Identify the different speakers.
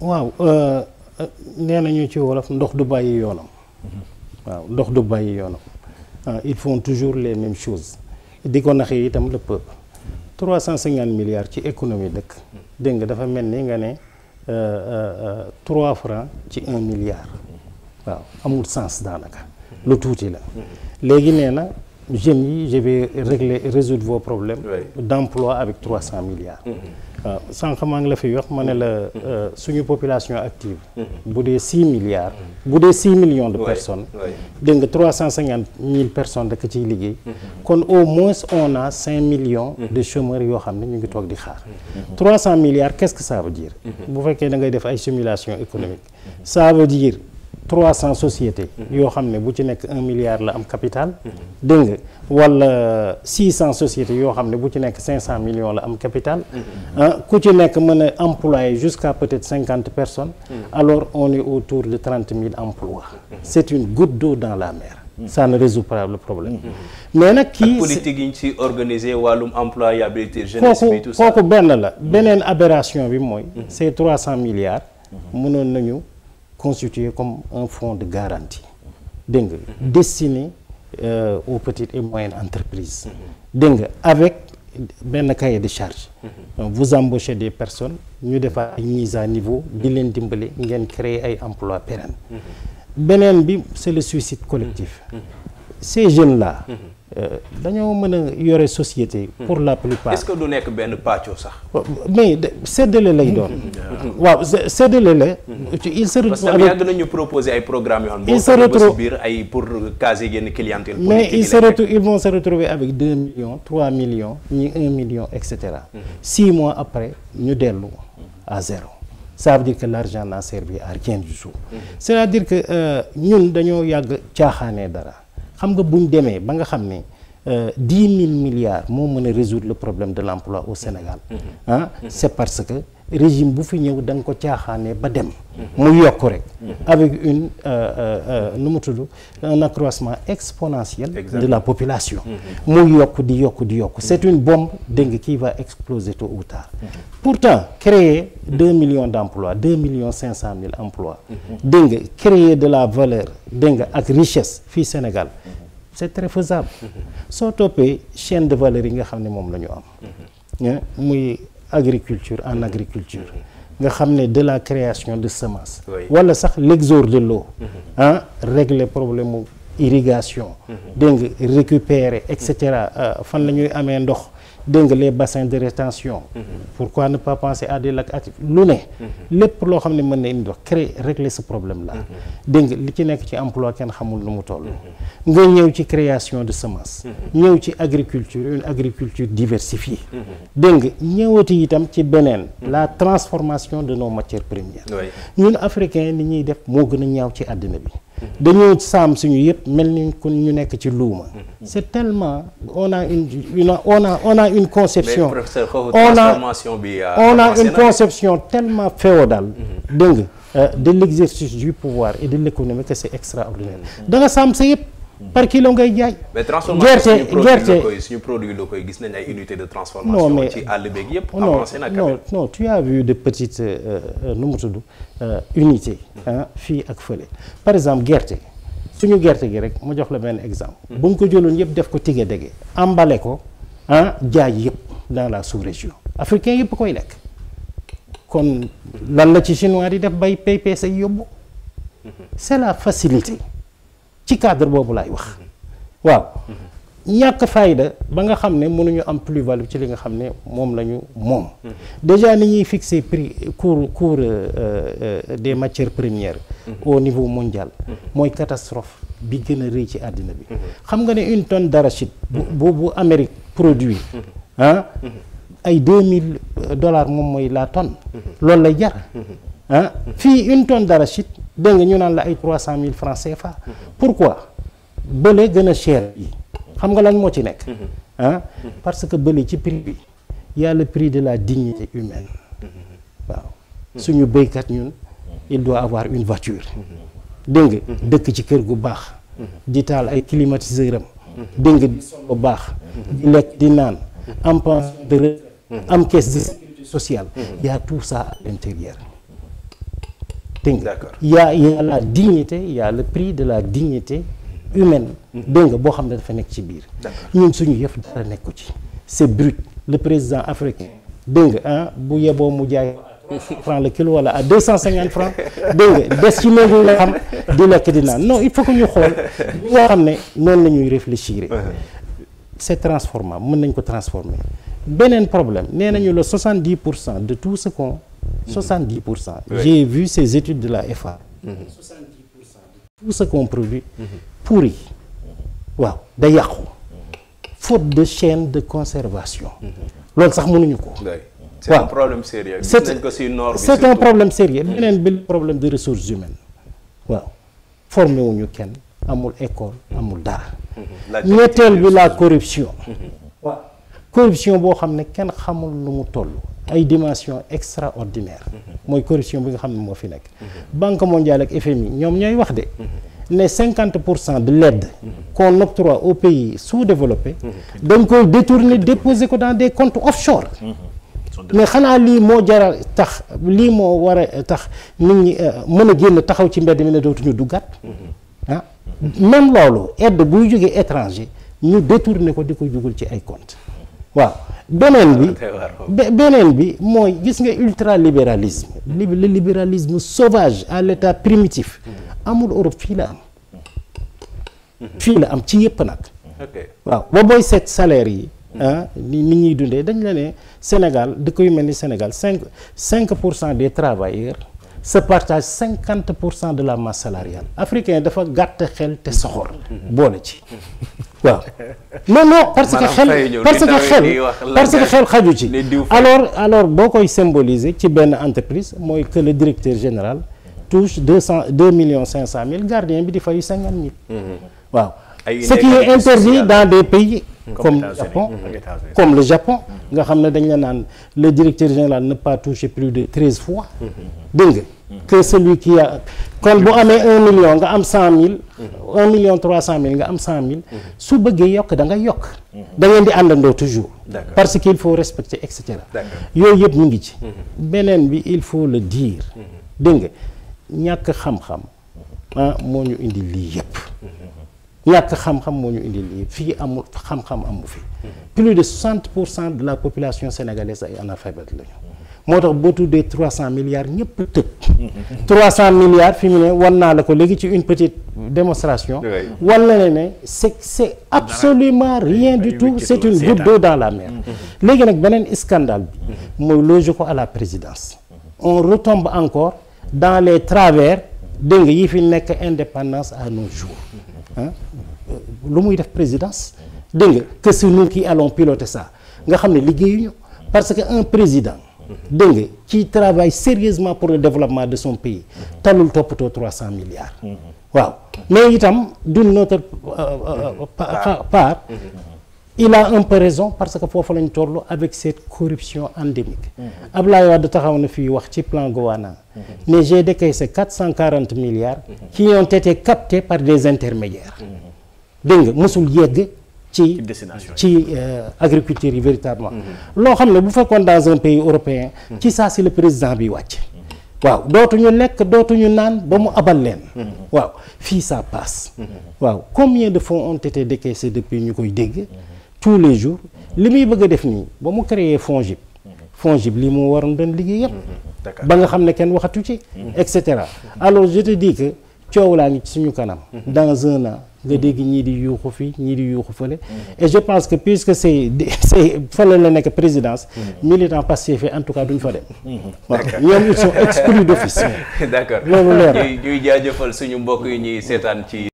Speaker 1: waaw euh, euh, nee nañu ci wolof ndox du bàyyi yoonam waaw ndox du bàyyi yoonam ah, il faut toujours les mêmes choses di ko naxee itam le peuple 350 milliards ci économie dëkk dégg nga dafa mel ni nga ne euh, trois francs ci un milliard waaw amul sens daanaka lu tuuti la léegi nee na jeunes yi je vais régler résoudre vos problèmes d'emploi avec milliards mm-hmm. waaw sànq maa ngi la fi wax ma ne la mm-hmm. euh, suñu population active. Mm-hmm. bu dee six milliards. Mm-hmm. bu dee six millions de personnes. dégg nga trois cent cinquante mille personnes rek ciy liggéey. kon au moins on a cinq millions. de chômeurs yoo xam ne ñu ngi toog di xaar. trois cent milliards qu'est-ce que ça veut dire. bu fekkee da ngay def ay simulation économique. ça trois cent sociétés yoo xam ne bu ci nekk un milliard la am capital dégg nga wala six cent sociétés yoo xam ne bu ci nekk cinq cent millions la am capital euh, ku ci nekk mën a employé jusqu'à peut-être cinquante personnes alors on est autour de trente mille emplois c'est une goutte d'eau dans la mer ça ne résout le problème mais nag kii politique yi ñu si organisé wàllum employabilité jeunesse benn la beneen aberration bi mooy ces trois cent milliards mënoon nañu constitué comme un fonds de garantie dégg nga mm-hmm. destiné euh, aux petites et moyennes entreprises mm-hmm. dégg nga avec benn cahier de charge mm-hmm. euh, vous embauchez des personnes ñu defar ay mise à niveau di leen dimbali ngeen créer ay emplois pérennes beneen bi c'est le suicide collectif ces jeunes là. Mhm. Euh, dañoo mën a yore société. Mhm. pour la plupart est-ce que du nekk benn pàccoo sax. mais séddale lay doon. Mhm. Ah. waaw séddale la. il se retrouve avec parce que yàgg ay programmes yoo xam ne. il se retrouve biir ay pour caser yenn clientèle. mais il se retrouve ils retrouver avec deux millions trois millions ñi un million et cetera. six mois après ñu dellu à zéro. sa veut dire que l'argent n'a servi à rien du tout. c'est-à-dire que euh, ñun dañoo yàgg caaxaanee dara. xam nga bu ñu demee ba nga xam ne euh, dix mille milliards moo mën a résoudre le problème de l'emploi au Sénégal mm-hmm. ah c'est parce que régime bu fi ñëw da nga ko caaxaanee ba dem. mu yokk rek. Mhm. avec une euh, euh, euh, nu mu tudd un accroissement exponentiel. de la population. Mhm. mu yokk di yokk di yokk c' une bombe dégg nga qui va exploser tôt ou tard. Mhm. pourtant créer deux millions d' emplois deux millions cinq cent mille emplois. dégg nga créer de la valeur dégg nga ak richesse fii Sénégal. c' est très faisable. soo toppee chaine de valeur yi nga xam ne moom la ñu am. agriculture en agriculture mhm. nga xam ne de la création de semence wala sax l'exorde de l'eau mhm. ah régler problème irrigation mhm. dégg nga récupérer et cetera euh, fan la ñuy amee ndox dégg nga les bassins de rétention mm-hmm. pourquoi ne pas penser à des lu ne mm-hmm. lépp loo xam ne mën na indi dox créer réglé sa problème là mm-hmm. dégg nga li ci nekk ci emploi kenn xamul nu mu toll nga ñëw ci création de semences ñëw ci agriculture une agriculture diversifiée dégg nga ñëwati itam ci beneen la transformation de nos matière premières ñun africains ni ñuy def moo gën a ñaaw ci àddina bi dañoo saam suñu yëpp mel ni ku ñu nekk ci luuma. Mhm. c'est tellement on a une on a on a une conception. on a euh, on une conception tellement féodale. Mhm. dégg euh, de l'exercice du pouvoir et de l'économie c'est extraordinaire mhm. da nga saam sa yëpp. par kilo ngay jaay. mais gerte suñu produit la koy gis nañ ay unité de transformation. ci àll beeg yëpp avancé na. non non tu as vu de petites euh, euh, nu mu tudd euh, unité ah hmm. fii ak fële par exemple gerte suñu gerte gi rek ma jox la benn exemple. Hmm. bu ñu ko jëloon yëpp def ko tige dege emballé ko ah jaay yëpp dans la sous-région africain yëpp koy lekk. kon lan la ci chinois di def bay PPC yóbbu. Hmm. c'est la facilité. ci cadre boobu laay wax waaw ñàkk fayda ba nga xam ne mënuñu am plus value ci li nga xam ne moom la ñu moom déjà ni ñuy fixer prix cour cours euh, euh, des matières premières mm-hmm. au niveau mondial mm-hmm. mooy catastrophe bi gën a rëy ci àddina bi mm-hmm. xam nga ne une tonne d'arachide bu bu Amérique produit ah ay 2000 euh, dollars moom mooy la tonne loolu lay jar ah, fii une tonne d'arachide dégg nga ñu naan la ay trois 300000 francs CFA. pourquoi bële gën a cher yi xam nga lan moo ci nekk. Mhm. ah parce que bële ci prix bi y prix de la dignité humaine waaw suñu béykat ñun il doit avoir une voiture. dégg nga mhm. dëkk ci kër gu baax. Mhm. di taal ay climatiseur am. nga di sol bu baax. di lekk di naan am pension de retraite am caisse de sociale. y a tout ça à l'intérieur. D'accord. Il y a il y la dignité il y le prix de la dignité humaine mm-hmm. dégg nga boo xam ne dafa nekk ci biir ñun suñu yëf dara nekku ci c'est brut le président africain dégg nga ah, bu yeboo mu jaay franc le kilo wala à deux cent cinquante francs dégg nga des ci néegu la xam di lekk di naan non il faut que ñu xool ñi xam ne noonu la ñuy réfléchir c'est transformable mën nañ ko transformer beneen problème nee nañu le soixante pour cent de tout ce qu'on 70 mm-hmm. pour cent. vu ces études de la FA.
Speaker 2: 70 mm-hmm. pour cent
Speaker 1: de tout ce mm-hmm. waaw day yàqu. faute de chaine de conservation. loolu sax mënuñu ko. c'est un problème sérieux. c'est un problème sérieux beneen problème de ressources humaines waaw wuñu kenn amul école amul dara.
Speaker 2: ñetteel bi
Speaker 1: la corruption. corruption boo xam ne kenn xamul lu mu toll. ay dimension extraordinaire mooy corruption bi nga xam ne moo fi nekk banque mondiale ak FMI ñoom ñooy wax de ne cinquante pour cent de l'aide qu'on octroie aux pays sous-développés dañ koy détourner déposer ko dans des comptes offshore mais xanaa lii moo jara tax lii moo war a tax nit ñi euh, mën a génn taxaw ci mbedd mi ne dootuñu duggaat ah même loolu aide buy jógee étranger ñu détourner ko di ko jugal ci ay comptes waaw beneen bi beneen bi mooy gis nga ultralibéralisme le libéralisme sauvage à l'état primitif amul Europe fii la am fii la am ci yëpp nag waaw ba booy seet salaire yi ah ni nit ñuy dundee dañ la ne Sénégal dëkk yu mel ni Sénégal cinq cinq pour cent des travailleurs se partage cinquante pour cent de la masse salariale africain dafa gàtt xel te soxor boole ci waaw non non parce que xel parce que xel parce que xel xaju ci alors alors boo koy symboliser ci benn entreprise mooy que le directeur général touche deux cent deux millions cinq cent mille gardien bi di fayu cinquante mille mhm. waaw
Speaker 2: ce qui est interdit dans des pays
Speaker 1: comme Japon
Speaker 2: mhm. comme le
Speaker 1: Japon nga xam ne dañ la naan le directeur général ne pas toucher plus de treize fois mhm. dégg nga que celui qui a kon bu amee un million nga am cent mill mhm. un million trois cent mille nga am cent mille mhm. su bëggee yokk da nga yokk mhm. da ngeen di àndandoo toujours parce qu'il faut respecter et cetera yooyu yëpp mu ngi ci beneen bi il faut le dire dégg nga ah, ñàkk xam-xam moo ñu indi lii yëpp ñàkk xam-xam moo ñu indi lii fii amul xam-xam amu fii plus de 60 pour cent de la population sénégalaise ay analphabète lañu moo tax boo tuddee trois cent milliards ñëpp tëb
Speaker 2: mm-hmm.
Speaker 1: trois cent milliards fi mu ne wan naa la ko léegi ci une petite démonstration wan ne ne c'est c'est absolument rien du tout c'est une goutte d'eau dans la mer mm-hmm. léegi nag beneen scandale bi mm-hmm. mooy loge ko à la présidence on retombe encore dans les travers dégg nga yi fi nekk indépendance à nos jours ah lu muy def présidence dégg nga que c'est nous allons piloter ça nga xam ne liggéeyuñu parce que un président dégg nga qui travaille sérieusement pour le développement de son pays talul toppatoo trois cent milliards waaw mais itam d'une notre euh, euh, euh, part il a un peu parce que foofu lañ toll avec cette corruption endémique Ablaye Wade taxaw na fii wax ci plan Gowana mais j'ai décaissé quatre cent quarante milliards qui ont été captés par des intermédiaires dégg mosul yegg ci ci euh, agriculture yi véritablement mm-hmm. loo xam ne bu fekkoon dans un pays européen mm-hmm. ci saa si le président bi wàcc mm-hmm. waaw ñu lekk dootuñu naan ba mu abal leen waaw fii ça passe waaw combien de fonds ont été décaissés depuis ñu koy dégg tous les jours li muy bëgg a def nii ba mu créer FONGIP FONGIP lii moo waroon doon liggéey yëpp ba nga xam ne kenn waxatu ci et cetera alors je te dis coow laa ngi ci suñu kanam dans un an nga dégg ñii di yuuxu fii ñii di yuuxu fële mm-hmm. et je pense que puisque c'est c'est fële la nekk présidence mm-hmm. militant Pastef en tout cas duñ fa dem mm-hmm. waaw ñoom ils sont exclus d'office d'accord loolu leer ñuy jaajëfal suñu mbokk yi ñuy seetaan ci